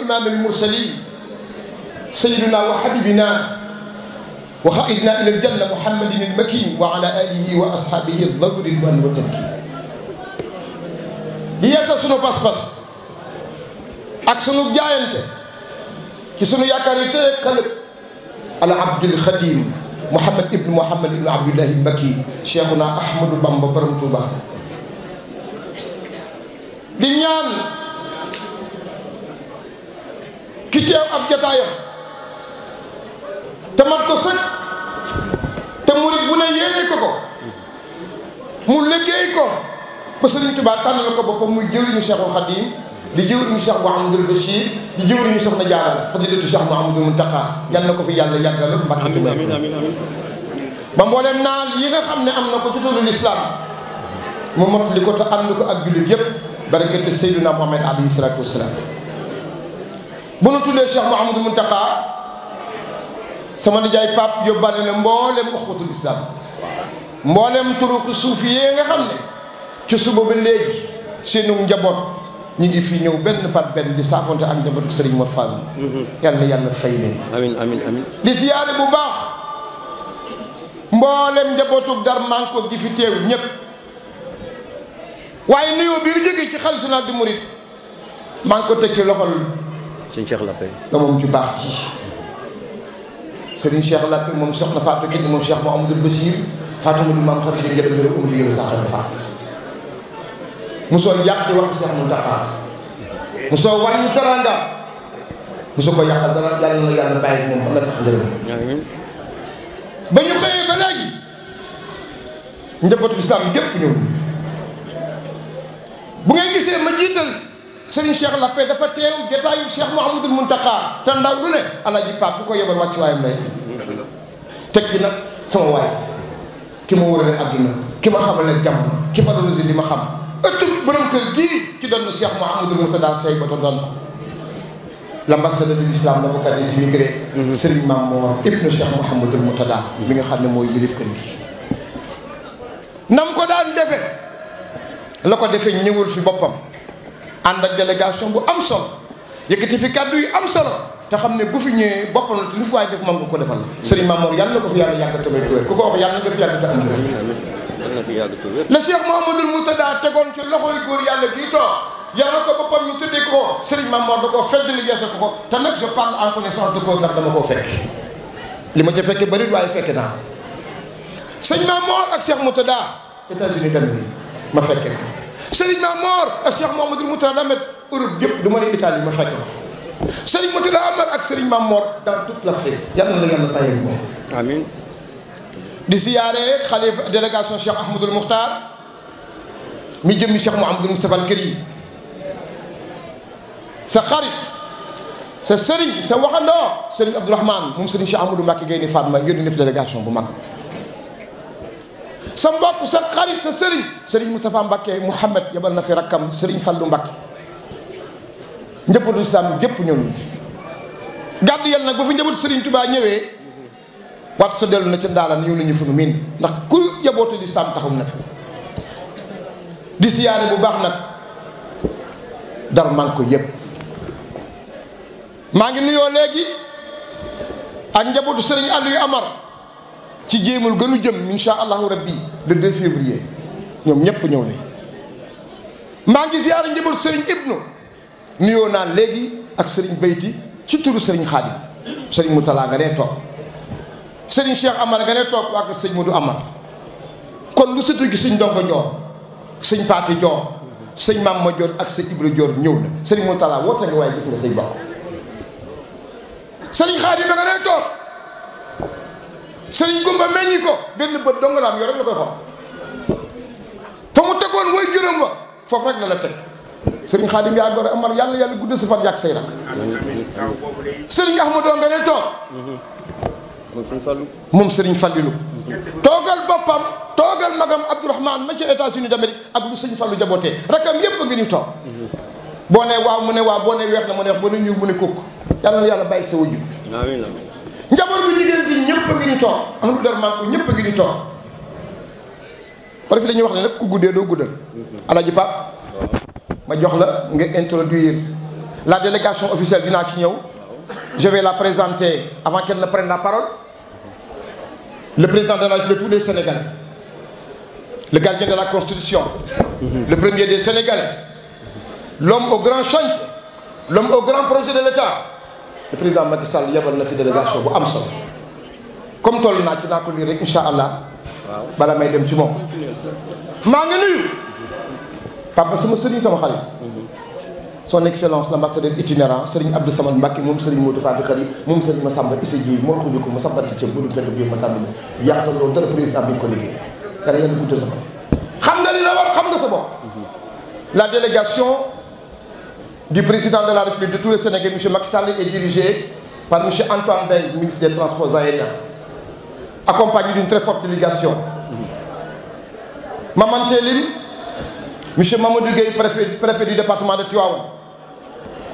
وإمام المرسلين سيدنا وحبيبنا وخائدنا إلى الجنة محمد المكين وعلى آله وأصحابه الضبر الوان والتمكين di yeesal sunu pas-pas ak sunu jaayante ci sunu yaakaar yi téye xalëb al abdul xadim muhammad ibnu muhammad ibnu abdullahi mbakki cheikhuna ahmadou bamba borom tuuba di ñaan ki teew ak jataayam te mat ko sëkk te murit bu ne yéene ko ko mu liggéey ko ba Sëriñ Tuubaa tànnal ko boppam muy jëwriñu Cheikhul Khadim di jëwriñu Cheikh Mouhamadul Bachir di jëwriñu Soxna Jaara fadilatu Cheikh Mouhamadul Muntaqa yal na ko fi yàlla yàggal mbàkk amiin amiin amiin ba mbooleem naal yi nga xam ne am na ko ci tollu lislaam mu mot li ko te ànd ko ak jullit yépp barakatu Seydina Muhammad alayhi salaatu wasalaam bu nu mu Cheikh Mouhamadou Mountakha sama nijaay Pape yóbbaale na mboolem uxutul islam mboolem turuq suufiyee nga xam ne ci suba ba léegi seenu njaboot ñu ngi fi ñëw benn par benn di saafonte ak njabootu Serigne Mor Fall. Mm-hmm. yàlla yàlla fay leen. amiin amiin amiin. di siyaare bu baax mboolem njabootu dar manko gi fi teew ñëpp waaye nuyoo bi ñu jógee ci xalisu di murit maa ngi ko tekki loxol. sëñ Cheikh Lappé. doomam ju baax ji sëriñ Cheikh Lappé moom soxna Fatou Kine moom Cheikh Mouhamadou Bachir Fatou Madou maam xam si njëriñ njëriñ amul mu soo yàq di wax Cheikh Moustapha mu soo wàññi taranga mu soo ko yàqal dana yàlla na yàlla bàyyi moom ba nga tax njëriñ ba ñu xëyee ba léegi njabootu islam gépp ñëw bu ngeen gisee ma Serigne Cheikh Lappé dafa teew jotaayu Cheikh Mouhamadul Mountakha te ndaw lu ne Alaaji Paap bu ko yebal wàcc waayam lay teg gi nag sama waay ki ma wërale àdduna ki ma xamale jamono ki ma ma xam ëttu borom kër gii ci doon Cheikh ma Mountakha say ba doon ko l'ambassadeur de l'islam l'avocat des immigrés mhm. Serigne Mamour ibnu Cheikh Mouhamadul Mountakha mi xam ne moo yilif kër gi nam ko daan defe la ko defe ñëwul fi boppam ànd ak délégation bu am solo yëkkati fi kàddu yi am solo te xam ne bu fi ñëwee bokk na lu fi waay def moom nga ko defal sëriñ Mamour yàlla na ko fi yàlla yàgg tamit ku wér ko yàlla nga te am la Cheikh Mouhamadoul Moutada tegoon ci loxoy góor yàlla gii toog yàlla ko boppam ñu tëddee ko sëriñ Mamour da koo fedd li ma ca fekkee bëri fekke naa sëñ Mamour ak Cheikh Moutada États-Unis d'Amérique ma fekkee Serigne Mame Mor ak Cheikh Mouhamadoul Mourtada Ahmed Europe gépp du ma ne Italie ma fekk ko Serigne Mourtada Ahmed ak Serigne Mame Mor dans toute l'Afrique yàlla na la yàlla bàyyi ak moom. amiin. di siyaare xalifa délégation Cheikh Ahmadoul Mokhtar mi jëm Cheikh Mouhamadoul Moustapha al Karim sa xarit sa Serigne sa waxandoo Serigne Abdourahmane moom Serigne Cheikh Amadou Mbacké Gaïndé Fatma ngir di def délégation bu mag. sa mbokk sa xarit sa sëriñ sëriñ Moustapha Mbacke Mouhamed yebal na fi rakkam sëriñ Fallou Mbacke njëppatul islam gépp ñëw ñu fi gàdd yal nag ba fi njabootu sëriñ tubaa ñëwee waat sa dellu na ca daalan ñëw nañu funu miin ndax ku njabootu lislaam taxaw na fi di siyaare bu baax nag dar man ko yëpp maa ngi nuyoo léegi ak njabootu sëriñ Aliou Amar ci jéemul gënu jëm insha allahu rabbi le 2 février ñoom ñëpp ñëw nañ maa ngi ziyaara njëbal sëriñ ibnu nuyoo naan léegi ak sëriñ bayti ci turu sëriñ xaadim sëriñ Moutala nga nee toog sëriñ Cheikh Amar nga nee toog waa kër sëriñ Modou Amar kon lu sëtu gi sëñ Ndongo Joor sëñ Maam Ma Joor ak sëñ ñëw sëriñ Moutala woote nga waaye gis nga sëñ Ba sëriñ xaadim nga nee toog sëriñ gumba meññi ko benn bët dong la am yoo rek la koy xool fa mu tegoon way jërëm wa foofu rek la la teg sëriñ xaadim yaa gore amar yàlla yàlla guddal sa fan yàgg say rak sëriñ ahmadou nga lay moom sëriñ fàllilu toogal boppam toogal magam abdourahman ma ci états-unis d'Amérique ak lu sëriñ fàllu jabootee rakam yépp a ngi ñu toog boo ne waaw mu ne waaw boo ne weex na mu ne wax boo ne mu ne kukk yàlla na yàlla bàyyi sa wajur njabootu jigéen bi ñëpp a ngi ñu toog ahlu dar ko ñëpp ngi ñu toog wala fi dañuy wax ne nag ku guddee doo guddal alaaji Pape ma jox la nga introduire la délégation officielle dinaa ci ñëw je vais la présenter avant qu'elle ne prenne la parole le président de la République de tous les Sénégalais le gardien de la Constitution le premier des Sénégalais l'homme au grand chantier l'homme au grand projet de l'État le président Macky Sall yebal na fi délégation bu am solo comme toll naa ci naa ko lii rek incha allah bala may dem ci moom maa ngi nuyu papa sama sëriñ sama xarit son excellence l'ambassadeur itinérant sëriñ Abdou Samad Mbacke moom sëriñ Modou Fadi Khari moom sëriñ Massamba Issa Dieye moo xubi ko ma sambati ci bu dul fekk bi ma tànn président bi ñu ko liggéey dara yàlla guddal sa xam nga li la war xam nga sa bopp la délégation du président de la République de tous les Sénégalais, M. Macky Sall, est dirigé par M. Antoine Beng, ministre des Transports aériens, accompagné d'une très forte délégation. Maman Tchelim, M. Mamoudou Gueye, préfet, préfet, du département de Tuaouan,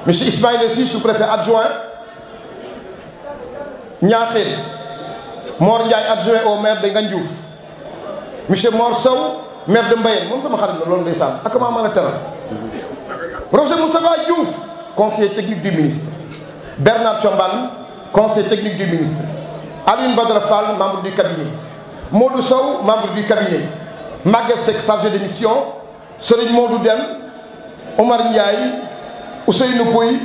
M. Ismaël Essi, sous-préfet adjoint, Niakhil, Mor Ndiaye, adjoint au maire de Ngandjouf, M. Mor Sow, maire de Mbaye, moom sama xarit la loolu ndeysaan ak maa mën a teral Roger Moustapha Diouf conseiller technique du ministre Bernard Thiomban conseiller technique du ministre Aline Badra membre du cabinet Modou Sow membre du cabinet Maguette Seck chargé de mission Serigne Modou Dem Omar Ndiaye Ousseynou Pouy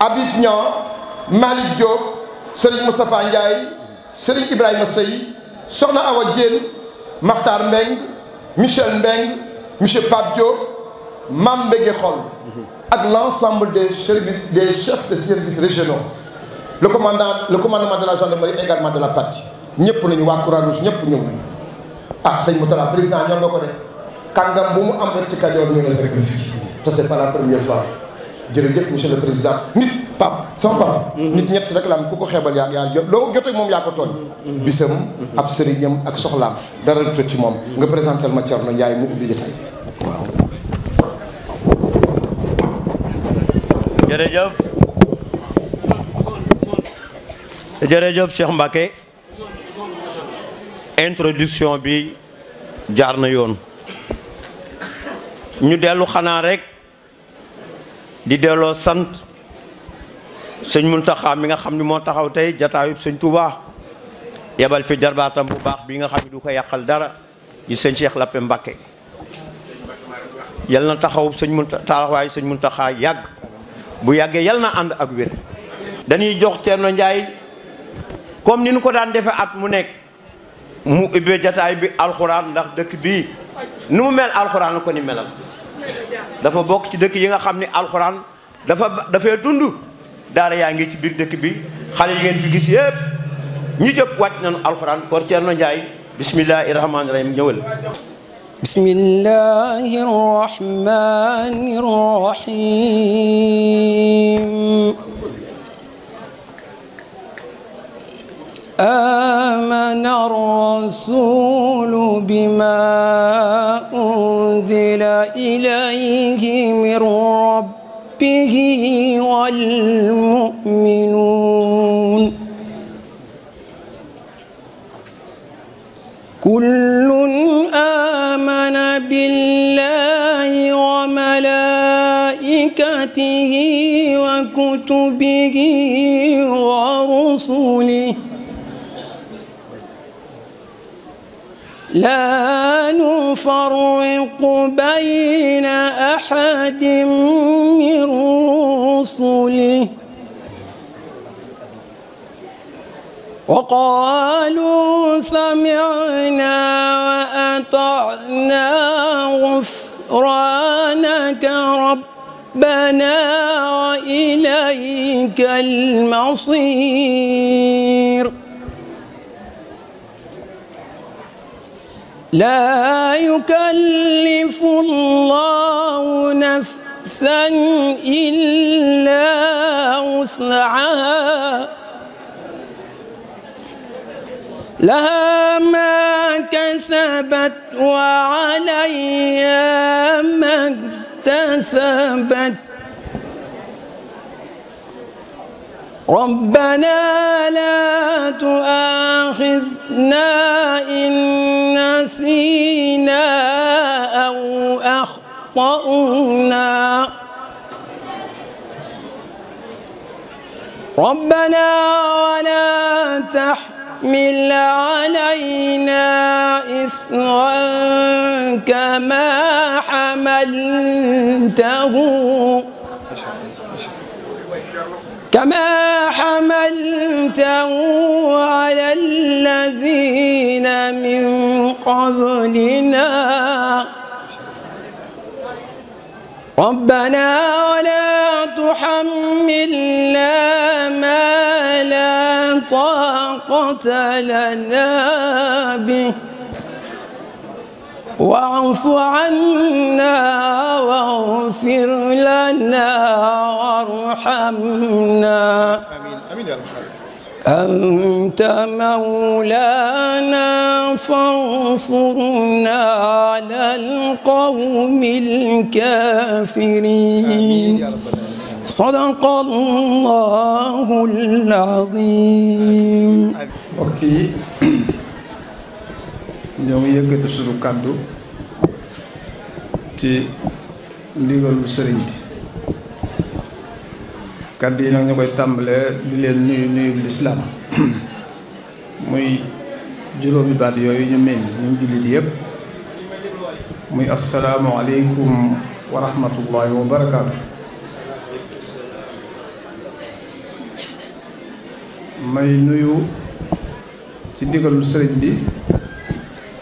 Habib Niang Malick Diop Serigne Moustapha Ndiaye Serigne Ibrahima Sey Soxna Awa Diène Makhtar Mbeng Michel Mbeng Monsieur Pape Diop Mame Mbégué Xol ak l'ensemble des services des chefs de services régionaux le commandant le commandement de la gendarmerie également de la partie ñëpp nañu waa Croix-Rouge ñëpp ñëw nañu ah sëñ Moutala président ñoom nga ko def kàngam bu mu am rek ci Kajoor ñu ngi fekk fii te c'est la première fois jërëjëf monsieur le président nit pap sama pap mm-hmm. nit ñett rek la am ku ko xeebal yaa yaa loo ko moom yaa ko tooñ mm-hmm. bisam ab sëriñam ak soxlaam dara du ci moom nga présentel ma Thierno Ndiaye mu ubbi jotaay jërëjëf jërëjëf Cheikh Mbacké introduction bi jaar na yoon ñu dellu xanaa rek di delloo sant sëñ Muntaxa mi nga xam ni moo taxaw tey jataayub sëñ Touba yebal fi jarbaatam bu baax bi nga xam ni du ko yàqal dara di sëñ Cheikh Lappe Mbacké yal na taxaw sëñ Muntaxa taxawaay mun Muntaxa yàgg bu yàggee yal na ànd ak wér dañuy jox Thierno Ndiaye comme ni ñu ko daan defee at mu nekk mu ubbee jataay bi alxuraan ndax dëkk bi nu mu mel alxuraan koni ko melal dafa bokk ci dëkk yi nga xam ni alxuraan dafa dafay dund daara yaa ngi ci biir dëkk bi xale yi ngeen fi gis yëpp ñu jëpp wàcc nañu alxuraan kon Thierno Ndiaye bismillaahi rahmaani rahim بسم الله الرحمن الرحيم آمن الرسول بما أنزل إليه من ربه والمؤمنون كل آياته وكتبه ورسله لا نفرق بين أحد من رسله وقالوا سمعنا وأطعنا غفرانك رب ربنا وإليك المصير لا يكلف الله نفسا إلا وسعها لها ما كسبت وعليها ما كسبت ربنا لا تؤاخذنا إن نسينا أو أخطأنا ربنا ولا تحت تحمل علينا إصرا كما حملته كما حملته على الذين من قبلنا ربنا ولا تحملنا ما لا طاقة لنا به واعف عنا واغفر لنا وارحمنا آمين آمين يا رب أنت مولانا فانصرنا على القوم الكافرين صدق الله العظيم mbokk yi ñoo ngi yëkkati sunu kàddu ci ndigalu sëriñ bi kàdd yi nag ñu koy tàmbalee di leen nuyu nuyu lislaam muy juróomi baat yooyu ñu meññ ñu jullit yëpp muy asalaamu aleykum wa wa barakaatu may nuyu ci ndigalul sëriñ bi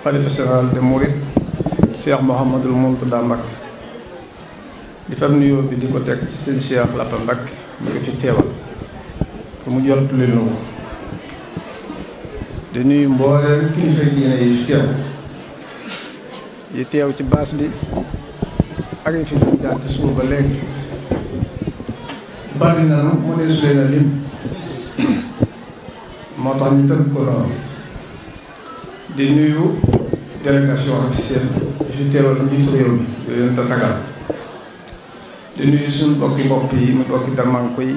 xalifa général de Mouride Cheikh Mouhamadul Mountada Mbacké di fam nuyoo bi di ko teg ci seen Cheikh Lapa Mbacké teewal pour mu jot lu leen ko di nuyu mbooleem kilifa diine yi fi teew yi teew ci baas bi ak yi fi ñu jaar ci suba ba léegi bari na ne su leen a lim moo tax ñu tënk ko lool di nuyu délégation officielle di fi teewal njiitu réew mi di leen tatagal di nuyu suñu bokki bopp yi mu bokki darmanko yi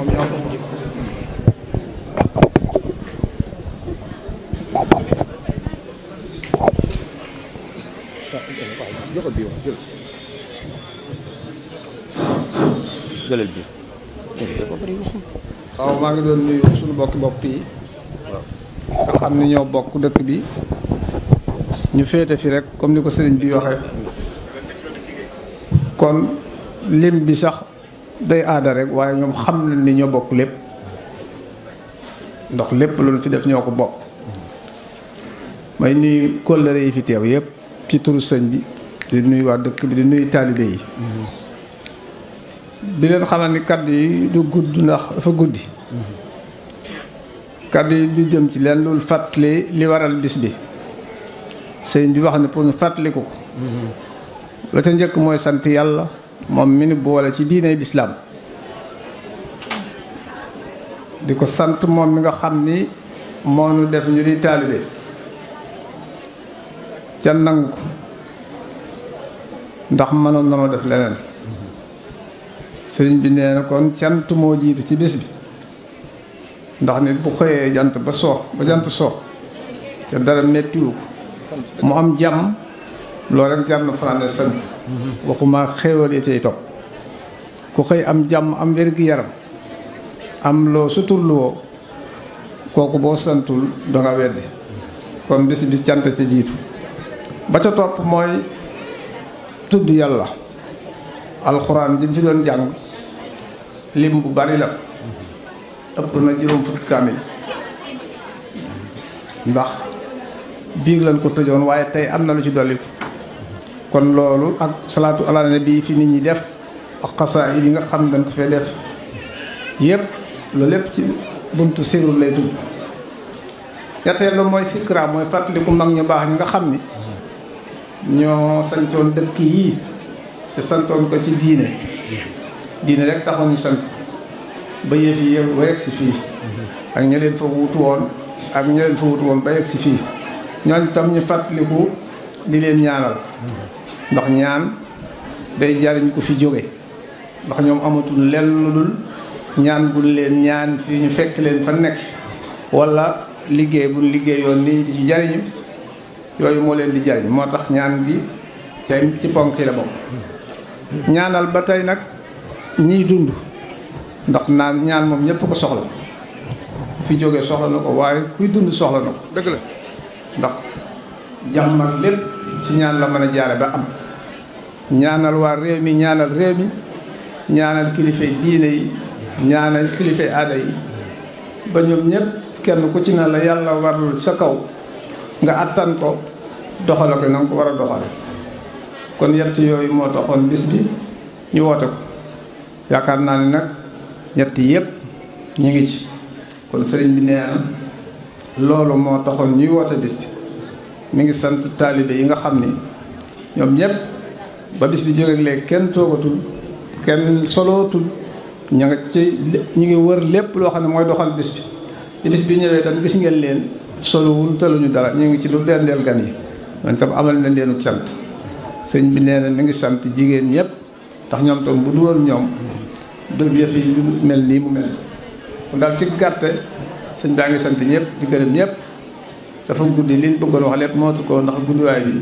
ñoom ñoo waaw maa ngi doon nuyu suñu bokki bopp yi nga xam ni ñoo bokk dëkk bi ñu féete fi rek comme ni ko sëriñ bi waxe kon lim bi sax day aada rek waaye ñoom xam nañ ni ñoo bokk lépp ndox lépp loolu fi def ñoo ko bokk may nuyu kóllëre yi fi teew yëpp ci turu sëñ bi di nuyu waa dëkk bi di nuy taalibe yi di leen xamal ni kàddu yi du gudd ndax dafa guddi kàddu yi du jëm ci leen loolu fàttali li waral bis bi sëñ bi wax ne pour ñu fàttaliku ko la ca njëkk mooy sant yàlla moom mi nu boole ci diine lislaam di ko sant moom mi nga xam ni moo def ñu di taalibe ca nangu ko ndax mënoon na ma def leneen sëriñ bi nee kon cant moo jiitu ci bis bi ndax nit bu xëyee jant ba soox ba jant soox te dara mettiwu ko mu am jàmm loolu rekk jar na fanaane sant waxuma xéewal yi cay topp ku xëy am jàmm am wér yaram am loo suturluwoo kooku boo santul danga weddi kon bis bi cant ca jiitu ba ca topp mooy tudd yàlla alxuraan ji ci doon jàng lim bu bari la ëpp na juróom fukki kaamil ndax biig lañ ko tëjoon waaye tey am na lu ci dolliku kon loolu ak salaatu ala bii fi nit ñi def ak xasaa yi nga xam dañ ko fee def yépp loolu lépp ci buntu sirru lay tudd ñetteelu mooy sikra mooy fàttaliku mag ñu baax ñi nga xam ni ñoo sancoon dëkk yii te santoon ko ci diine diine rek taxoon ñu sant ba yëf yi ba yegg fii ak ña leen fa wutu woon ak ña leen fa wutu woon ba yegg si fii ñooñ tam ñu fàttaliku di leen ñaanal ndax ñaan day jariñ ku fi jóge ndax ñoom amatul lenn lu dul ñaan leen ñaan fii ñu fekk leen fa nekk wala liggéey buñ liggéey yoon nii di jariñu yooyu moo leen di jariñ moo tax ñaan bi tey ci ponk yi la bokk ñaanal ba tey nag ñiy dund ndax naan ñaan moom ñëpp ko soxla ku fi jóge soxla na ko waaye kuy dund soxla na ko ndax jàmm lépp ci ñaan la mën a jaare ba am ñaanal waa réew mi ñaanal réew mi ñaanal kilifa diine yi ñaanal kilifa aada yi ba ñoom ñëpp kenn ku ci na la yàlla warul sa kaw nga attan ko doxale ko na nga ko war a doxale kon yett yooyu moo taxoon bis bi ñu woote ko yaakaar naa ne nag ñett yëpp ñu ngi ci kon sëriñ bi nee na loolu moo taxoon ñuy woote bis bi mi ngi sant taalibe yi nga xam ni ñoom ñëpp ba bis bi jógeeg léegi kenn toogatul kenn solootul ña ci ñu ngi wër lépp loo xam ne mooy doxal bis bi bi bi ñëwee tam gis ngeen leen solowul taluñu dara ñu ngi ci lu dendeel gan yi man tam amal na leenu sant sëñ bi nee na mi ngi sant jigéen ñëpp ndax ñoom tam bu du woon ñoom dëgg yëf du mel nii mu mel kon daal ci gàtte sëñ baa ngi sant ñëpp di gërëm ñëpp dafa guddi liñ bëggoon wax lépp mootu ko ndax guddiwaay bi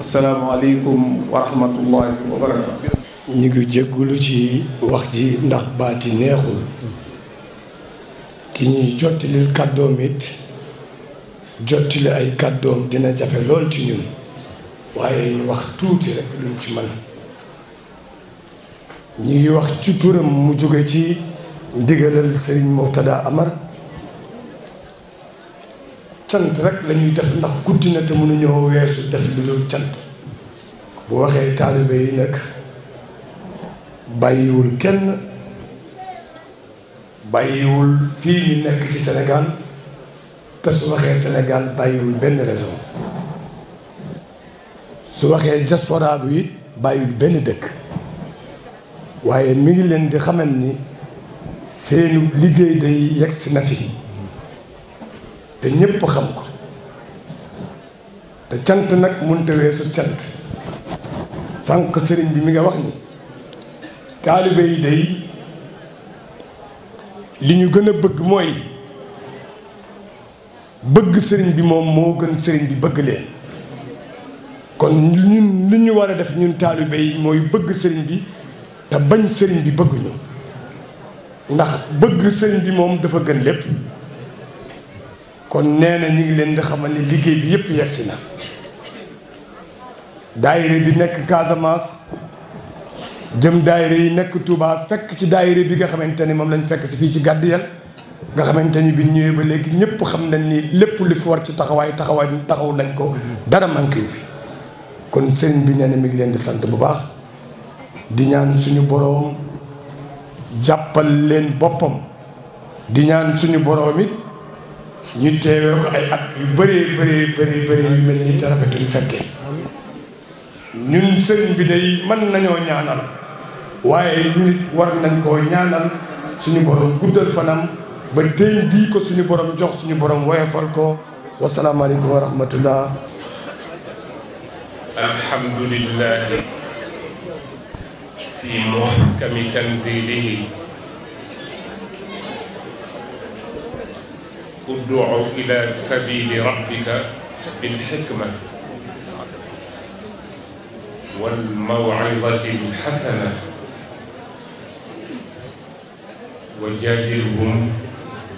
asalaamaaleykum wa rahmatullahi wa barakaatu ñu ngi jéggulu ci wax ji ndax baati neexul ki ñuy jottilil kàddoom it jottili ay kàddoom dina jafe lool ci ñun waaye ñu wax tuuti rek luñ ci mën ñu ngi wax ci turam mu jóge ci ndigalal Serigne Mourtada Amar cant rek lañuy def ndax guddi na te mënuñoo weesu def lu dul cant bu waxee taalibe yi nag bàyyiwul kenn bàyyiwul fii ñu nekk ci senegal te su waxee senegal bàyyiwul benn raison su waxee diaspora yi it bàyyiwul benn dëkk waaye mi ngi leen di xamal ni seenu liggéey day yegg si na yi te ñépp xam ko te cant nag mënta weesu cant sànq sëriñ bi mi nga wax ni taalibe yi day li ñu gën a bëgg mooy bëgg sëriñ bi moom moo gën sëriñ bi bëgg leen kon ñun li ñu war a def ñun taalibe yi mooy bëgg sëriñ bi te bañ sëriñ bi bëgguñu ndax bëgg sëriñ bi moom dafa gën lépp kon nee na ngi leen di xamal ni liggéey bi yëpp yegsi na daayire bi nekk Casamance jëm daayire yi nekk Touba fekk ci daayire bi nga xamante ni moom lañ fekk si fii ci gàdd Gadeyelle nga xamante ni bi ñëwee ba léegi ñëpp xam nañ ni lépp lu fi war ci taxawaay taxawaay taxaw nañ ko dara manqué yu fi kon sëriñ bi nee mi ngi leen di sant bu baax di ñaan suñu boroom jàppal leen boppam di ñaan suñu boroom it ñu teewee ko ay at yu bëree bëree bëri bëri yu mel ni te rafetuñ fekkee ñun sëriñ bi day man nañoo ñaanal waaye ñu nit war nañ koo ñaanal suñu borom guddal fanam ba tey bii ko suñu borom jox suñu borom woyofal ko wasalaamaaleykum wa rahmatullah alhamdulillahi fi muhkami tanzilihi ud'u ila sabili rabbika bil hikma wal maw'izati al hasana wa jadilhum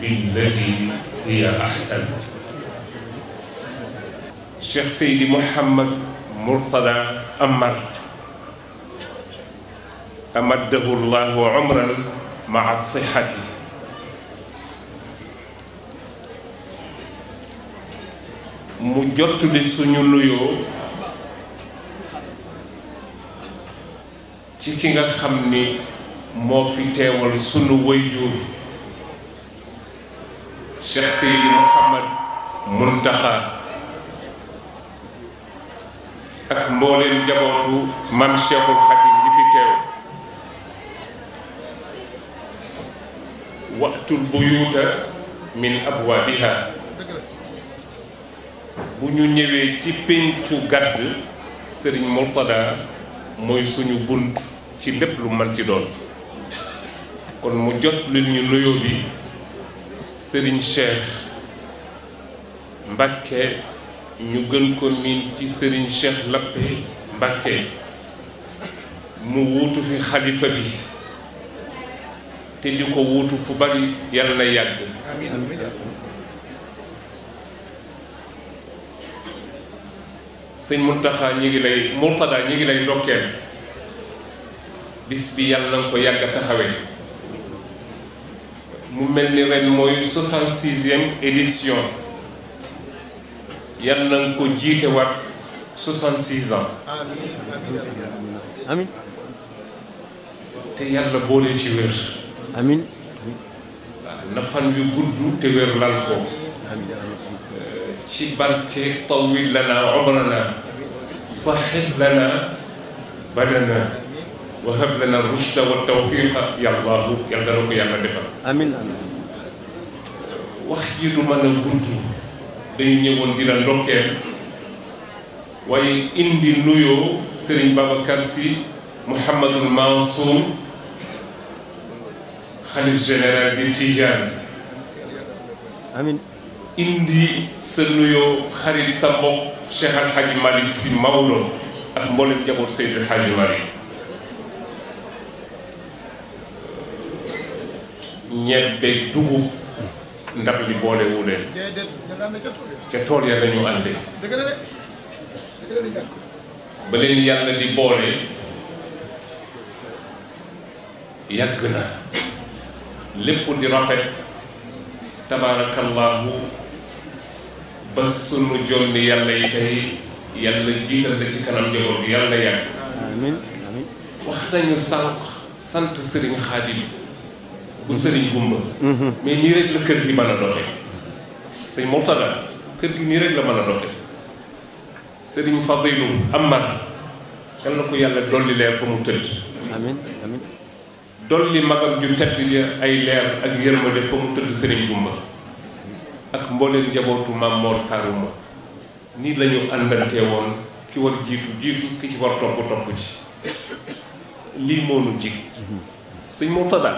billati hiya ahsan Cheikh Seydi Mouhamed Mourtada Amar amaddahu llahu umran ma'a sihhati mu jottali suñu luyoo ci ki nga xam ni moo fi teewal sunu wayjur Cheikh Seydi Mouhamad Muntaxa ak mbooleen njabootu man Cheikhul Khadim yi fi teew waxtul buyuuta min abwaabiha bu ñu ñëwee ci péncu gàdd Serigne Mourtada mooy suñu bunt ci lépp lu man ci doon kon mu jot lu ñu nuyoo bi Serigne Cheikh Mbacké ñu gën ko miin ci Serigne Cheikh Lappé Mbacké mu wuutu fi xalifa bi te di ko wuutu fu bari yàlla na yàgg sëñ Muntaxa ñu ngi lay Murtada ñu ngi lay ndokkeel bis bi yàlla na ko yàgg a taxawee mu mel ni ren mooy soixante-sixième édition yàlla na ko jiite waat soixante-six ans amin te yàlla boole ci amin na fan yu gudd lal ko ci barke tawil lana umrana sahih lana badana wa hab lana rushda wa tawfiqa yàlla yàlla na ko yàlla defal amiin wax ji du mën a gudd dañu ñëwoon di la ndokkeel waaye indi nuyoo Serigne Babacar Sy Mouhamadul Mansour xalif général di Tijaan amiin indi sa nuyoo xarit sa mbokk Cheikh Al Hadj Malick Sy Maodo ak mboolem njaboot Seydi Al Hadj Malick ñebbe dugub ndab li boole leen ca tool ya lañu ànde ba leen yàlla di boole yàgg na lépp di rafet tabaarakallaahu ba sunu jonni yàlla yi tey yàlla jiital la ci kanam njaboot yàlla yàgg amiin amiin wax nañu sànq sant sëriñ xaadim bu sëriñ Gumba mhm. mais nii rek la kër gi mën a doxe sëñ Murtada la mën a doxe sëriñ Fadilu Amar yal na ko yàlla dolli leer fa mu tëdd amiin amiin dolli magam ju tedd ay leer ak yërmande fa mu tëdd sëriñ Gumba ak mbooleem njabootu maam Mor Xaruma nii la ñu àndantee woon ki war jiitu jiitu ki ci war topp topp ci lii moonu jig sëñ Murtada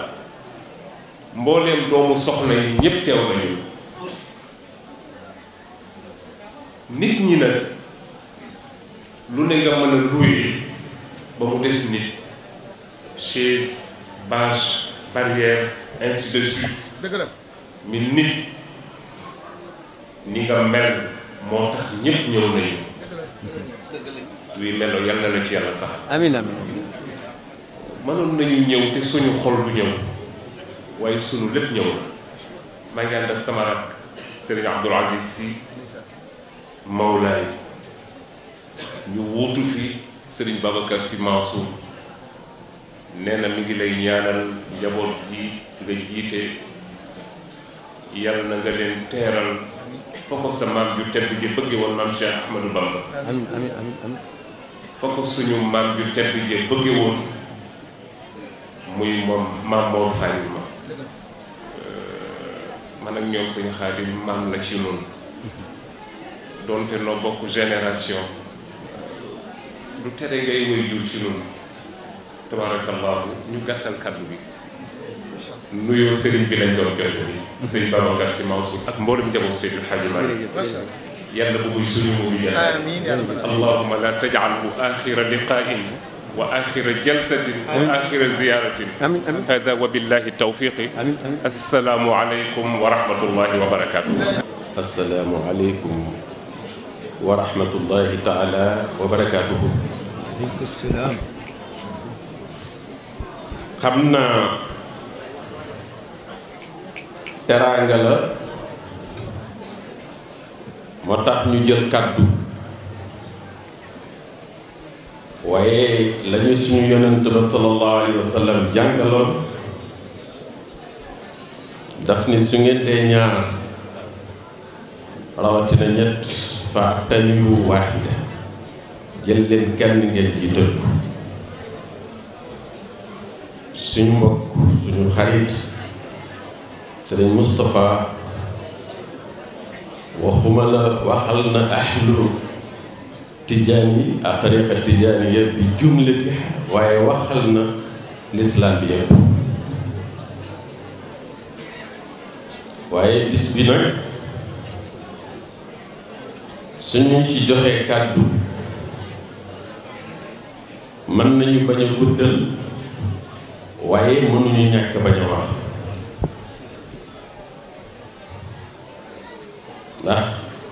mbooleem doomu soxna yi ñépp teew nañu nit ñi nag lu ne nga mën a luye ba mu des nit chaise bâche barrière ainsi de suite nit ni nga mel moo tax ñëpp ñëw nañu wi melo yal na la ci yàlla sax amiin amiin mënoon nañu ñëw te suñu xol du ñëw waaye suñu lépp ñëw na maa ngi ànd sama rak Serigne Abdoul Aziz Sy Mawlaay ñu wuutu fi Serigne Babacar Sy Mansour nee na mi ngi lay ñaanal njaboot gi nga jiite yàlla na nga leen teeral fa ko sa maam ju tedd ji bëgge woon maam Cheikh Ahmadou Bamba amiin amiin amiin fa suñu maam ju tedd ji bëgge woon muy moom maam Mor Faye ma euh, man ak ñoom sëñ Xaadim maam la ci noonu donte noo bokk génération lu tere ngay wéy jur ci noonu tabarakallahu ñu gàttal kàddu bi nuyoo sëriñ bi lañ doon jot bi sëriñ Babacar Sy Mansour ak mboolem njaboot Seydil Hadji Malick yàlla bu muy suñu muy yàlla allahuma la tajalhu axira liqain wa axira jalsatin wa axira ziyaratin hada wa billahi tawfiqi assalaamu aleykum wa rahmatullahi wa barakatuh assalaamu aleykum wa rahmatullahi taala wa barakatuhu xam naa teraanga la moo tax ñu jël kàddu waaye lañu suñu yonent ba sallallahu alayhi wa jàngaloon daf ni su ngeen dee ñaar rawatina ñett fa taniyu waaxida jël leen kenn ngeen jiital suñu mbokk suñu xarit sëriñ Moustapha waxuma la waxal na ahlu tijaan yi à tariqa tijaan yi bi jumlati waaye waxal na lislaam bi waaye bis bi nag suñu ci joxe kàddu mën nañu bañ a waaye mënuñu ñàkk bañ wax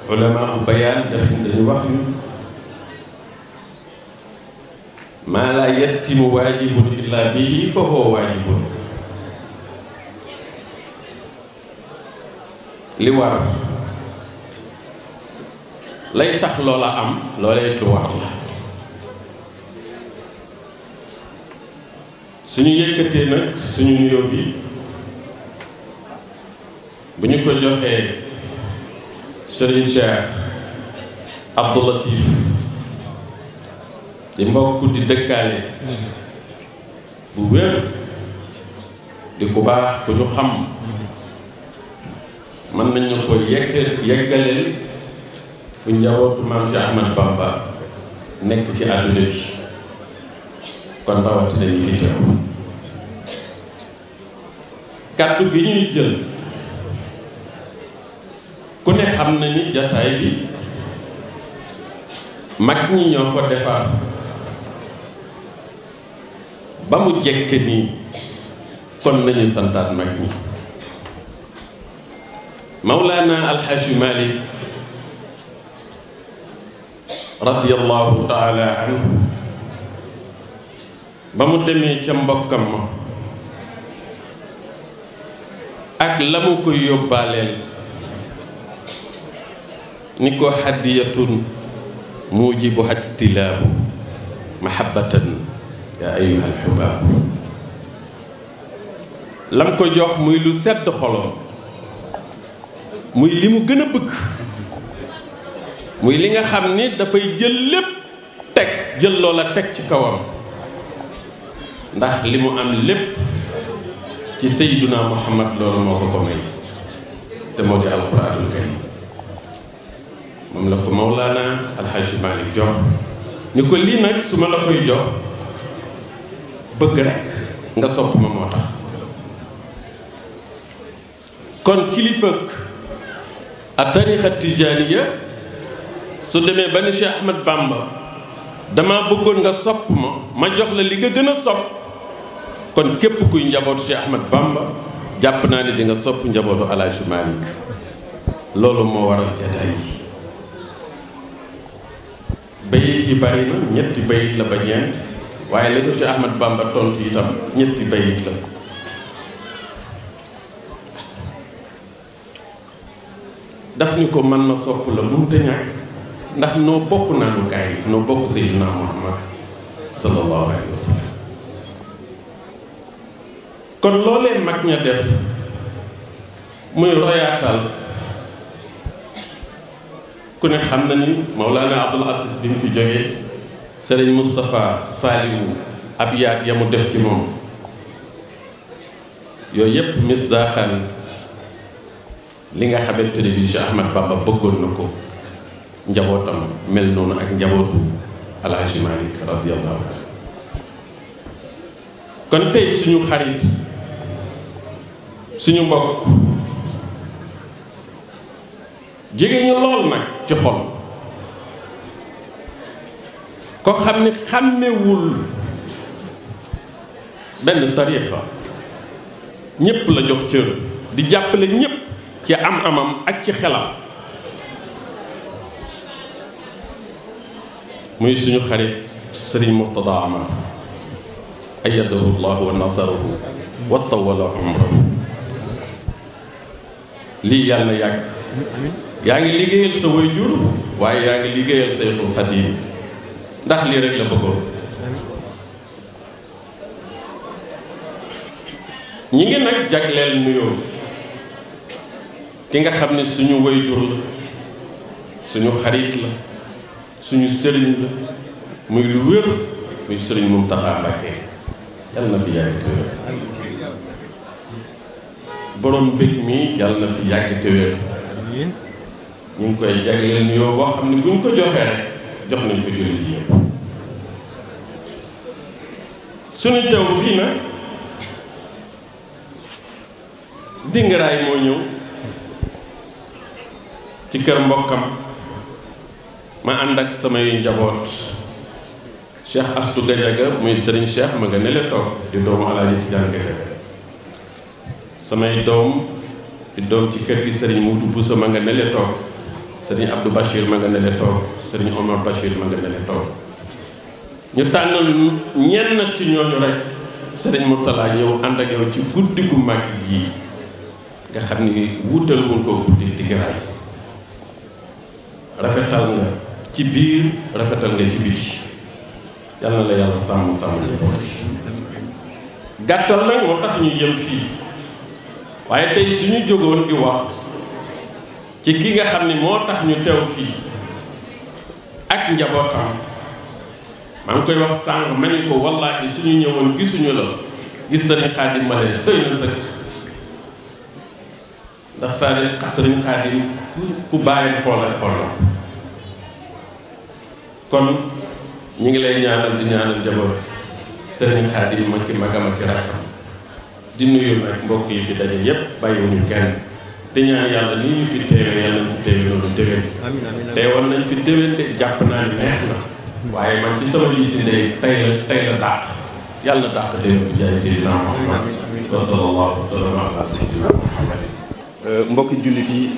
ulama u bayaan daf dañu wax ni maa laa yettimu waajibun illaa bihi fa huwa waajibun li war lay tax loola am loolee lu war la suñu yëkkatee nag suñu nuyoo bi bu ñu ko joxee Serigne Cheikh Abdou Latif di mbokk di dëkkaale bu wér di ku baax ku ñu xam mën nañu ko yegg fu njabootu maam si Ahmad Bamba nekk ci àdduna bi kon rawatina ñu fi teew kàddu gi ñuy jël xam na ni jataay bi mag ñi ñoo ko defar ba mu jekk nii kon nañu santaat mag ñi mawlaana alxaaji malik radiallahu taala anhu ba mu demee ca mbokkam ma ak la mu koy yóbbaaleel ni ko xaddiyatun muujibu hattilaabu mahabbatan yaa ayyuhal xubaabu lam ko jox muy lu sedd xolom muy li mu gën a bëgg muy li nga xam ni dafay jël lépp teg jël loola teg ci kawam ndax li mu am lépp ci sayyiduna muhammad loolu moo ko ko may te moo di alquraanul karim moom la ko Mawlaana Alxaaji Maalik jox ni ko lii nag su ma la koy jox bëgg rek nga sopp ma moo tax kon kilifa ak tarixa tijaaniya su demee ba ni Cheikh Ahmad Bamba dama bëggoon nga sopp ma ma jox la li nga gën a sopp kon képp kuy njabootu Cheikh Ahmad Bamba jàpp naa ni dinga nga sopp njabootu Alaaji Maalik loolu moo waral jataay yi bayit yi bari na ñetti bayit la ba ñeent waaye la ko Cheikh Ahmad Bamba tontu itam ñetti bayit la daf ñu ko mën na sopp la mënta ñàkk ndax ñoo bokk naanukaay noo bokk Seydina Muhammad sallallahu alayhi wa sallam kon loolee mag ña def muy royaatal ku ne xam na ni Mawlana Abdul Aziz bi ñu fi jógee Serigne Moustapha Saliou ab yaat ya mu def ci moom yooyu yépp misdaaxan li nga xamante ne bii Cheikh bëggoon na ko njabootam mel noonu ak njabootu Alaaji Malik radiyallahu anhu kon tey suñu xarit suñu mbokk jege ñu lool nag ci xol ko xam ni xàmmewul benn tariixa ñépp la jox cër di jàppale ñépp ci am amam ak ci xelam muy suñu xarit sëriñ Murtada Amar ayadahu llahu wa nasarahu wa tawala lii yàlla yàgg yaa ngi liggéeyal sa waajur waaye yaa ngi liggéeyal Seexul Xadiim ndax lii rek la bëggoon ñi ngi nag jagleel nuyoo ki nga xam ne suñu waajur la suñu xarit la suñu sëriñ la muy lu wér muy sëriñ Muntaxa Mbàkke yàlla na fi yàgg te borom mbég mi yàlla na fi yàgg te ñu ngi koy jagleel nuyoo boo xam ne bu ñu ko joxee rek jox nañ ko jullit yi ñëpp suñu teew fii nag dingaraay moo ñëw ci kër mbokkam ma ànd ak samay njaboot Cheikh Astou Gadiaga muy Serigne Cheikh ma nga ne toog di doomu Alaaji Tijaan Gadiaga samay doom di doom ci kër gi Serigne Muudu Buso ma nga ne toog sëriñ Abdou Bachir ma nga ne le Omar Bachir ma nga ne le toog ñu tànnal ñenn ci ñooñu rek sëriñ Mourtala ñëw ànd ak yow ci guddi gu mag yi nga xam ni wutal mun koo guddi digiraay rafetal nga ci biir rafetal nga ci biti yàlla na la yàlla sàmm sàmm ñu gàttal nag moo tax ñu yem fii waaye tey suñu jógoon di wax ci ki nga xam ne moo tax ñu teew fii ak njabootam maa ngi koy wax sàng ma ni ko wallaahi suñu ñëwoon gisuñu la gis sëriñ xaadim ma leen doy na sëkk ndax saa ne sëriñ xaadim ku bàyyi xoolal xoolal kon ñu ngi lay ñaanal di ñaanal njaboot sëriñ xaadim ma ki magam ak rakkam di nuyu nag mbokk yi fi daje yépp bàyyiwuñu kenn te ñaan yàlla ni ñu fi teewee yàlla ñu fi teewee noonu déwén teewoon nañ fi déwén de jàpp naa ni neex na waaye man ci sama liste day tey la tey la dàq yàlla dàq déwén bi jaay Seydina Muhammad wa sallallahu euh, mbokki jullit yi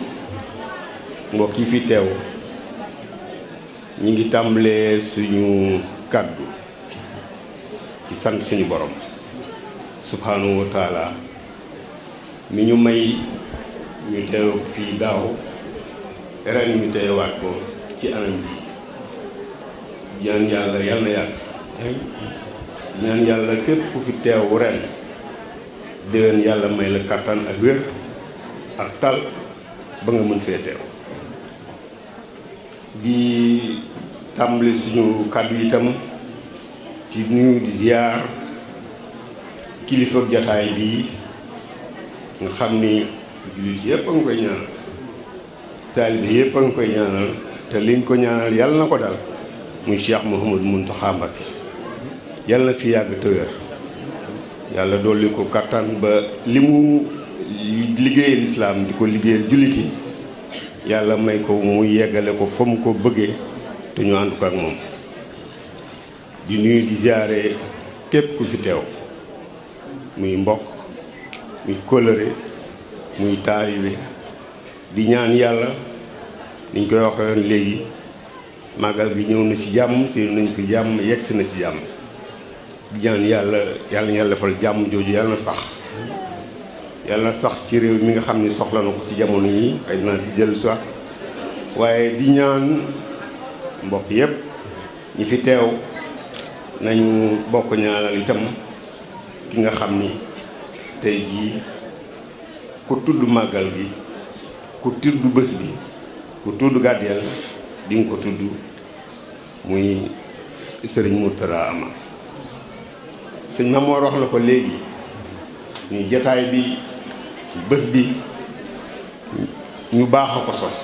mbokk yi fi teew ñu ngi tàmbalee suñu kàddu ci sant suñu borom subhanahu wa taala ñu may ñu teew fii daaw ren ñu teewaat ko ci anam bi ñaan yàlla yal na yàgg yàlla képp ku fi teew ren déwén yàlla may la kàttan ak wér ak tal ba nga mën fee teew di tàmbali suñu kàddu itam ci nuyu di ziar kilifa jotaay bi nga xam ni jullit yëpp a nga koy ñaanal taalibe yëpp a nga koy ñaanal te liñ ko ñaanal yàlla na ko dal muy Cheikh Mouhamadou Mountakha Mbacké yàlla na fi yàgg te wér yàlla dolli ko kattan ba li mu liggéeyal islaam di ko liggéeyal jullit yi yàlla may ko mu yeggale ko fa mu ko bëggee te ñu ànd ko ak moom di nuyu di képp ku fi teew muy mbokk muy kóllëre muy taalibe di ñaan yàlla niñ koy waxoon léegi màggal gi ñëw na ci jàmm seen nañ ko jàmm yegg si na ci jàmm di ñaan yàlla yàlla na yàlla jàmm jooju yàlla na sax yàlla na sax ci réew mi nga xam ni soxla na ko ci jamono yi xëy naa ci jël soit waaye di ñaan mbokk yépp ñi fi teew nañu bokk ñaanal itam ki nga xam ni tey jii ku tudd màggal gi ku tudd bës bi ku tudd gàddeel di nga ko tudd muy sëriñ Mourtada Ama sëñ Mamoor wax na ko léegi ñu jataay bi bés bi ñu baax a ko sos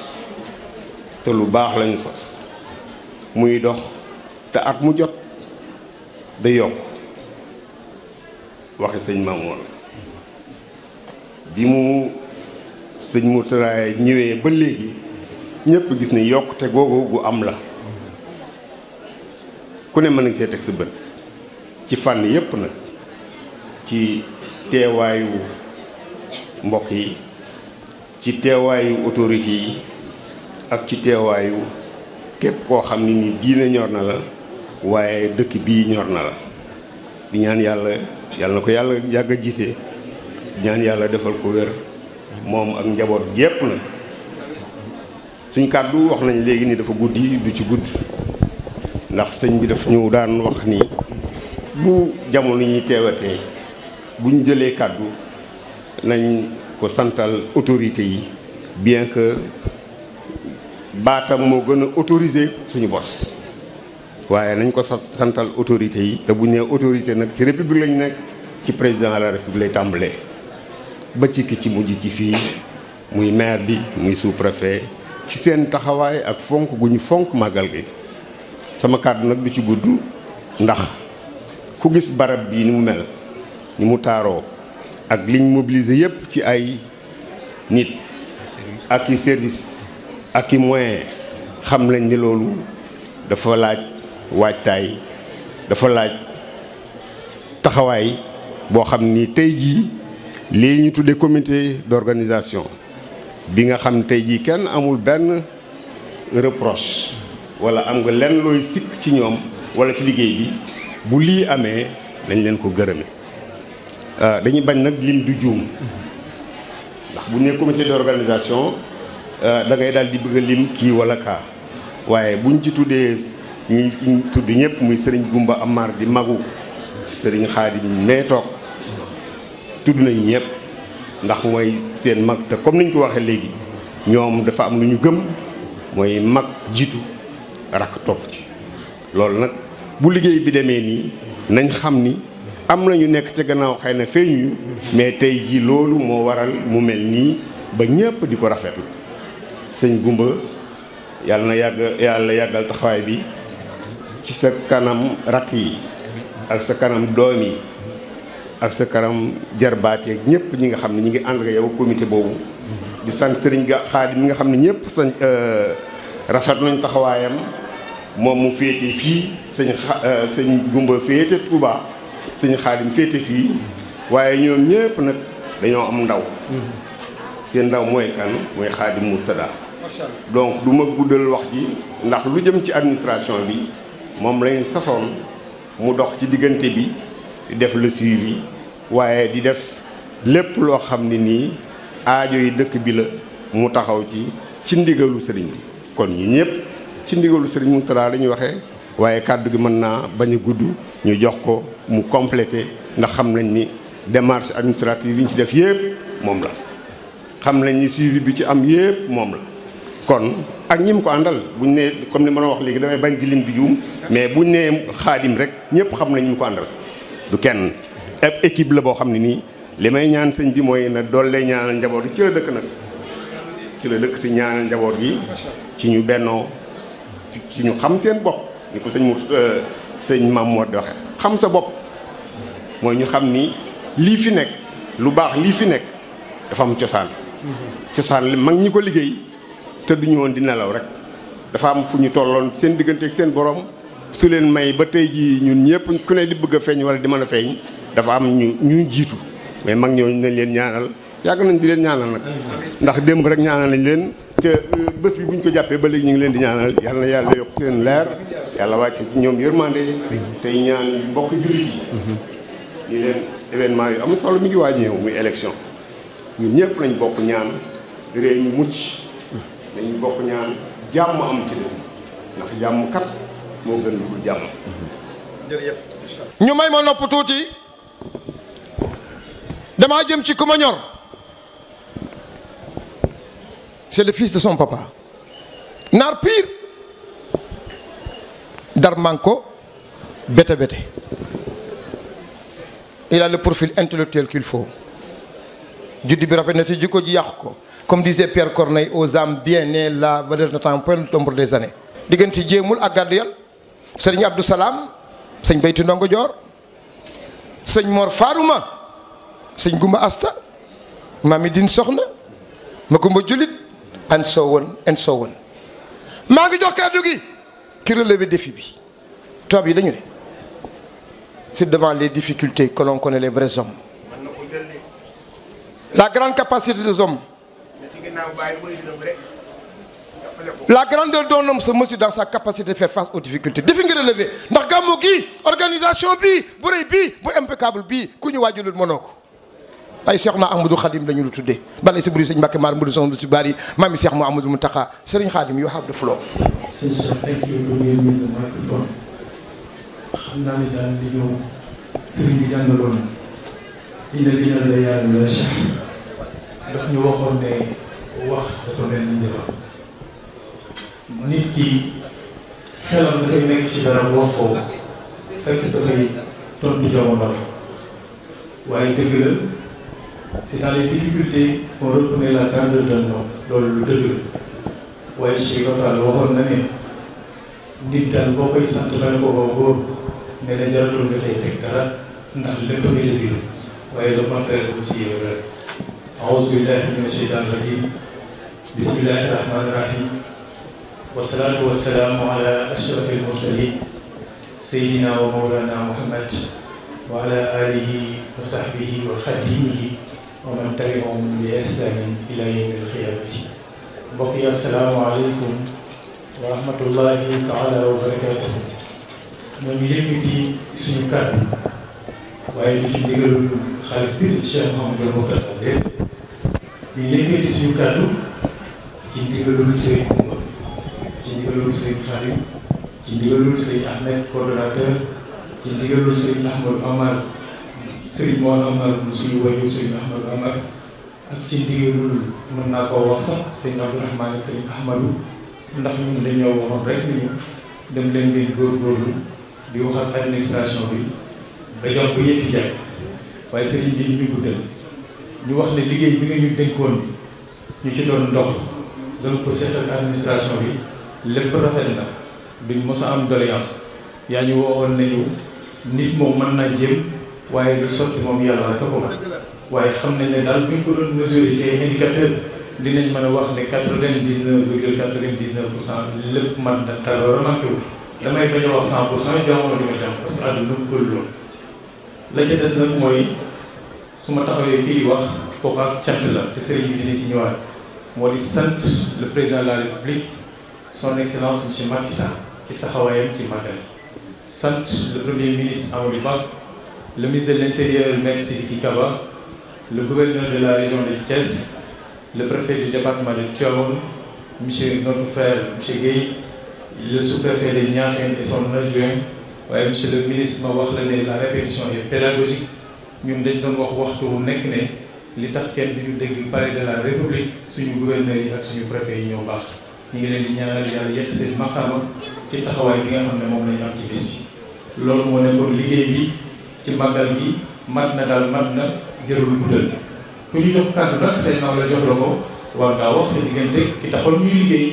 te lu baax lañu sos muy dox te at mu jot da yokk waxi sëñ Mamoor bi mu sëñ Mourtada ñëwee ba léegi ñëpp gis ni yokkute googu gu am la ku ne mën na cee teg sa bët ci fànn yépp nag ci teewaayu mbokk yi ci teewaayu autorité yi ak ci teewaayu képp koo xam ne ni diine ñor na la waaye dëkk bii ñor na la di ñaan yàlla yàlla na ko yàlla yàgg a gisee ñaan yàlla defal ko wér moom ak njaboot yépp na suñ kàddu wax nañ léegi ni dafa guddi du ci gudd ndax sëñ bi daf ñu daan wax ni bu jamono yi teewatee bu buñ jëlee kàddu nañ ko santal autorité yi bien que baatam moo gën a autorisé suñu bos waaye nañ ko santal autorité yi te bu ñu nee autorité nag ci république lañ nekk ci président de la république lay tàmbalee ba ci ci mujj ci fii muy maire bi muy sous-préfet ci seen taxawaay ak fonk gu ñu fonk màggal gi sama kàddu nag du ci gudd ndax ku gis barab bi ni mu mel ni mu taaroo ak liñ mobilise yépp ci ay nit ak i service ak i moyen xam nañ ni loolu dafa laaj waajtaay dafa laaj taxawaay boo xam ni tey jii lii ñu tuddee comité d'organisation bi nga xam tey jii kenn amul benn reproche wala am nga lenn looy sikk ci ñoom wala ci liggéey bi bu lii amee nañ leen ko gërëme euh, dañuy bañ nag lim du juum ndax bu nee comité d'organisation euh, da ngay daal di bëgg a lim kii wala kaa waaye buñ ci tuddee ñu tudd ñëpp muy sëriñ Gumba Amar di magu sëriñ Xaadim mee toog tudd nañ ñëpp ndax mooy seen mag te comme niñ ko waxee léegi ñoom dafa am lu ñu gëm mooy mag jiitu rakk topp ci loolu nag bu liggéey bi demee nii nañ xam ni am na ñu nekk ca gannaaw xëy na feeñu mais tey jii loolu moo waral mu mel nii ba ñëpp di ko rafetlu sëñ Gumba yàlla na yàgg yàlla yàggal taxawaay bi ci sa kanam rakk yi ak sa kanam doom yi ak sa kanam jarbaat yeeg ñëpp ñi nga xam ne ñi ngi ànd ak yow comité boobu di sant sëriñ ga xaadim mi nga xam ne ñëpp sañ euh, rafet nañ taxawaayam moom mu féete fii sëñ euh, sëñ gumba féete Touba sëñ xaadim féete fii waaye ñoom ñëpp nag dañoo am ndaw seen ndaw mooy kan mooy xaadim Murtada donc du ma guddal wax ji ndax lu jëm ci administration bi moom lañu sasoon mu dox ci diggante bi di def le suivi waaye di def lépp loo xam ne nii aajo yi dëkk bi la mu taxaw ci ci ndigalu sëriñ bi kon ñi ñëpp ci ndigalu sëriñ Mountakha la ñu waxee waaye kàddu gi mën naa bañ a gudd ñu jox ko mu complété ndax xam nañ ni démarche administrative yi ñu ci def yëpp moom la xam nañ ni suivi bi ci am yëpp moom la kon ak ñi mu ko àndal buñ nee comme ni ma la wax léegi damay bañ di lim bi juum mais buñ nee xaadim rek ñëpp xam nañ ñu ko àndal du kenn ab équipe la boo xam ne nii li may ñaan sëñ bi mooy na doole ñaanal njaboot gi ci la dëkk na ci la dëkk ci ñaanal njaboot gi ci ñu bennoo ci ñu xam seen bopp ni ko sëñ euh, maam moo di waxe xam sa bopp mooy ñu xam ni lii fi nekk lu baax lii fi nekk dafa am cosaan cosaan li mag ñi ko liggéey te du ñëwoon di nelaw rek dafa am fu ñu tolloon seen diggante ak seen borom su leen may ba tey jii ñun ñëpp ku ne bëgg a feeñ wala di mën a feeñ dafa am ñu ñu jiitu mais mag ñooñu nañ leen ñaanal yàgg nañ di leen ñaanal nag ndax démb rek ñaanal nañ leen euh, bés bi bu ko jàppee ba léegi ñu ngi leen di ñaanal yàlla na yokk seen leer yàlla wàcce ci ñoom yërmande tey ñaan mbokk jullit yu amul solo mi ngi waaj muy élection ñëpp lañ bokk ñaan réew ñu mucc lañ bokk ñaan jàmm am ci leen ndax jàmm kat moo ñu may ma nopp tuuti damaa jëm ci ku ma ñor c'est le fils de son papa. naar pire dar manko bete bete il a le profil intellectuel qu'il faut juddi bi rafet na te jikko ji yàqu ko comme disait Pierre Corneille au âmes bien nées la valeur n'attend point le nombre des années diggante jéemul ak gàddu yàlla sëriñ Abdou Salaam sëñ Bayti Ndongo Joor sëñ Mor Faaruma sëñ Gumba Asta maam yi din soxna ma gumba julit an soo woon an soo woon maa ngi jox kàddu gi ki relevé défi bi tubaab yi dañu ne c'est devant les difficultés que l'on connaît les vrais la grande capacité des hommes la grandeur d'un homme se dans sa capacité de faire face aux difficultés défi nga relevé ndax gàmmu gi organisation bii bu rëy bii bu impeccable bii ku ñu waajulul mënoo ko ay Cheikh na Ahmadou Khadim lañu lu tuddee balay si buri sëñ Mbacke Mar Mbodu soxna si bari maami Cheikh Mouhamadou Mountakha Serigne Khadim you have the floor. sëñ Cheikh thank you for giving me the xam naa ne daal li ñëw sëriñ bi ñu waxoon ne wax dafa mel ni njaboot. nit ki xelam dafay nekk ci dara wax ko fekk dafay tontu jamono waaye dëgg la c'est dans les difficultés qu'on reconnaît la grandeur d'un homme loolu lu waaye Cheikh Fall waxoon na ne nit daal boo koy sant ba ne ko ba góor nee na jaratul nga tey teg dara ndax lépp waaye le contraire aussi est vrai. Auzu billahi mina shaytani bismillahi rahmani rahim wasalaatu wasalaamu ala ashraf almursalin sayidina wa mawlana muhammad wa ala alihi wa sahbihi wa xadimihi wa man tabiahum bi ihsanin ila yawmi alqiyamati mbokk yi asalaamu aleykum wa rahmatullahi taala wa barakatuhu ñoo ngi yëkkati suñu kàddu waaye ñu ci ndigalul xarit bi Cheikh Mouhamadou Mokhtar Lépp ñu yëkkati suñu kàddu ci ndigalul Serigne ndigalul sëñ Xarim ci ndigalul sëñ Ahmed coordonnateur ci ndigalul sëñ Ahmadou Amar sëñ Mor Amar mu suñu wajur sëñ Ahmadou Amar ak ci ndigalul mën naa koo wax sax sëñ Abdourahmane ak sëñ Ahmadou ndax ñun dañoo waxoon rek ni dem leen ngeen góorgóorlu di wax ak administration bi ba jox ko yëpp jàpp waaye sëriñ bi ñu guddal ñu wax ne liggéey bi nga ñu dénkoon ñu ci doon ndox doon ko seetal administration bi. lépp rafet na duñ mos am doléance yaa ñu waxoon nañu nit moom mën naa jéem waaye lu sotti moom yàlla rek a waaye xam nañ ne daal buñ ko doon mesurer ci ay indicateur dinañ mën a wax ne quatre-vingt-dix-neuf virgule quatre vingt dix man na taloora manqué wu damay bañ a wax pour cent jamono di ma jam parce àdduna mu bëri loolu la ca des nag mooy su ma taxawee fii di wax kooku ak cant la te sëriñ bi dina ci ñëwaat moo di sant le président de la république son excellence monsieur Macky Sall ci taxawaayam ci màggal sant le premier ministre Amadou Ba le ministre de l'intérieur Maître Sidiki Kaba le gouverneur de la région de Thiès le préfet du département de Tivaouane monsieur notre frère monsieur Guèye le sous-préfet de Niakhène et son adjoint waaye monsieur le ministre ma wax la ne la répétition est pédagogique ñun dañ doon wax waxtu wu nekk ne li tax kenn du ñu dégg palais de la république suñu gouverneur yi ak suñu préfet baax. ñu ngi leen di ñaanal yàlla yegg seen maqaama ci taxawaay bi nga xam ne moom la ñu am ci bis bi. loolu moo nekkoon liggéey bi ci màggal bi mat na daal mat na jërul guddal ku ñu jox kàddu nag say naw la jox la ko war ngaa wax seen diggante ki taxoon ñuy liggéey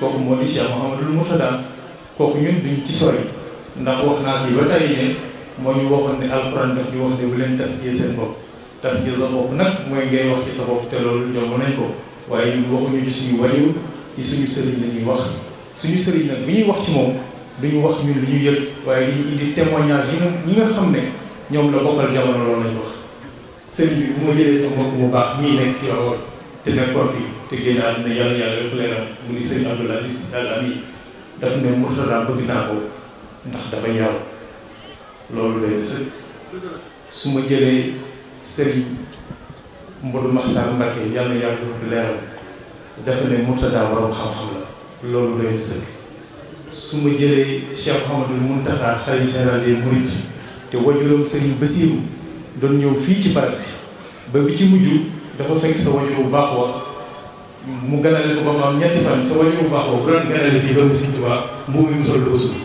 kooku moo di Cheikh Mouhamadul Moutada kooku ñun duñ ci sori ndax wax naa ci ba tey ne moo ñu waxoon ne alxuraan daf ñu wax ne bu leen taskiyee seen bopp taskiyee sa bopp nag mooy ngay wax te loolu jomb nañ ko waaye ci suñu sëriñ la ñuy wax suñu sëriñ nag bi ñuy wax ci moom duñu wax ñun li ñu yëg waaye li indi témoignage yi ñi nga xam ne ñoom la bokkal jamono loolu lañu wax sëriñ bi bu ma jëlee sa mbokk mu baax mii nekk ci awoor te nekkoon fi te génn àdduna yàlla yàlla yokk leeram mu ni sëriñ Abdoul Aziz Al Amin daf ne Mourtada bëgg naa ko ndax dafa yaw loolu lay sëkk su ma jëlee sëriñ Modou Makhtar Mbacké yàlla yàlla yokk leeram dafa ne Murtada borom xam-xam la loolu doy na sëkk su ma jëlee Cheikh Mouhamadul Mountakha xalifa général des Mourides te wajuram Serigne Bassirou doon ñëw fii ci barab bi ba bi ci mujj dafa fekk sa wajur bu baax wa mu ganale ko ba mu am sa wajur bu baax wa bu doon bi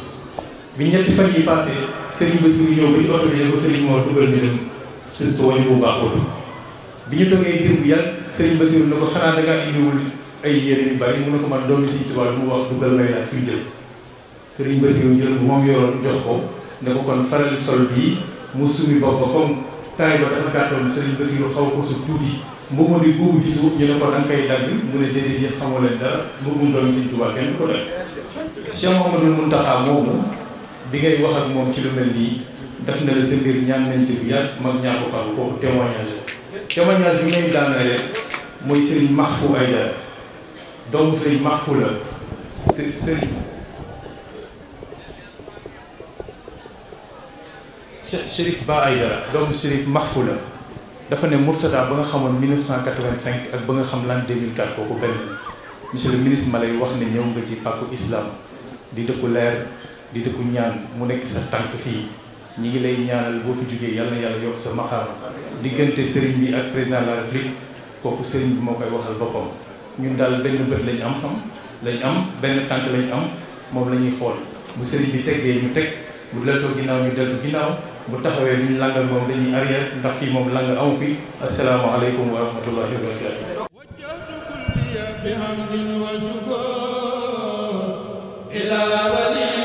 bi ñetti yi passé Serigne Bassirou ñëw ba bi ñu toogee diir bu yàgg Serigne Bassirou ne ko xanaa da ngaa indiwul ay yére yu bari mu ne ko man doomi Serigne Touba mu wax dugal may laa fii jël Serigne Bassirou jël moom yoroon jox ko ne ko kon faral sol bii mu sumi bopp ba comme taay ba dafa gàttoon Serigne Bassirou xaw ko su tuuti mbubu di buubu ci suuf ñu ne ko da nga koy dagg mu ne déedéet yéen xamoo leen dara mbubum doomi Serigne Touba kenn du ko dagg Cheikh Mouhamadou Mountakha moomu bi ngay wax ak moom ci lu mel nii def na la sa mbir ñaan nañ ci bu yàgg mag ñaa ko fàggu kooku témoignage témoignage bi may daanale mooy Serigne Mahfou Aïda doomu Serigne Mahfou la Serigne Chérif Ba Aïda doomu Chérif Mahfou la dafa ne Mourtada ba nga xamoon 1985 ak ba nga xam lan 2004 kooku benn monsieur le ministre ma lay wax ne ñëw nga ci pàkku islam di dëkku leer di dëkku ñaan mu nekk sa tànk fii ñi ngi lay ñaanal boo fi jógee yàlla na yàlla yokk sa maqaama diggante sëriñ bi ak président de la kooku sëriñ bi moo koy waxal boppam ñun daal benn bët lañ am xam lañ am benn tànk lañ am moom la ñuy xool bu sëriñ bi teggee ñu teg bu deltoo ginnaaw ñu deltu ginnaaw bu taxawee lu ñu langal moom dañuy arrière ndax fi moom langal amu fi asalaamaaleykum wa rahmatullahi wa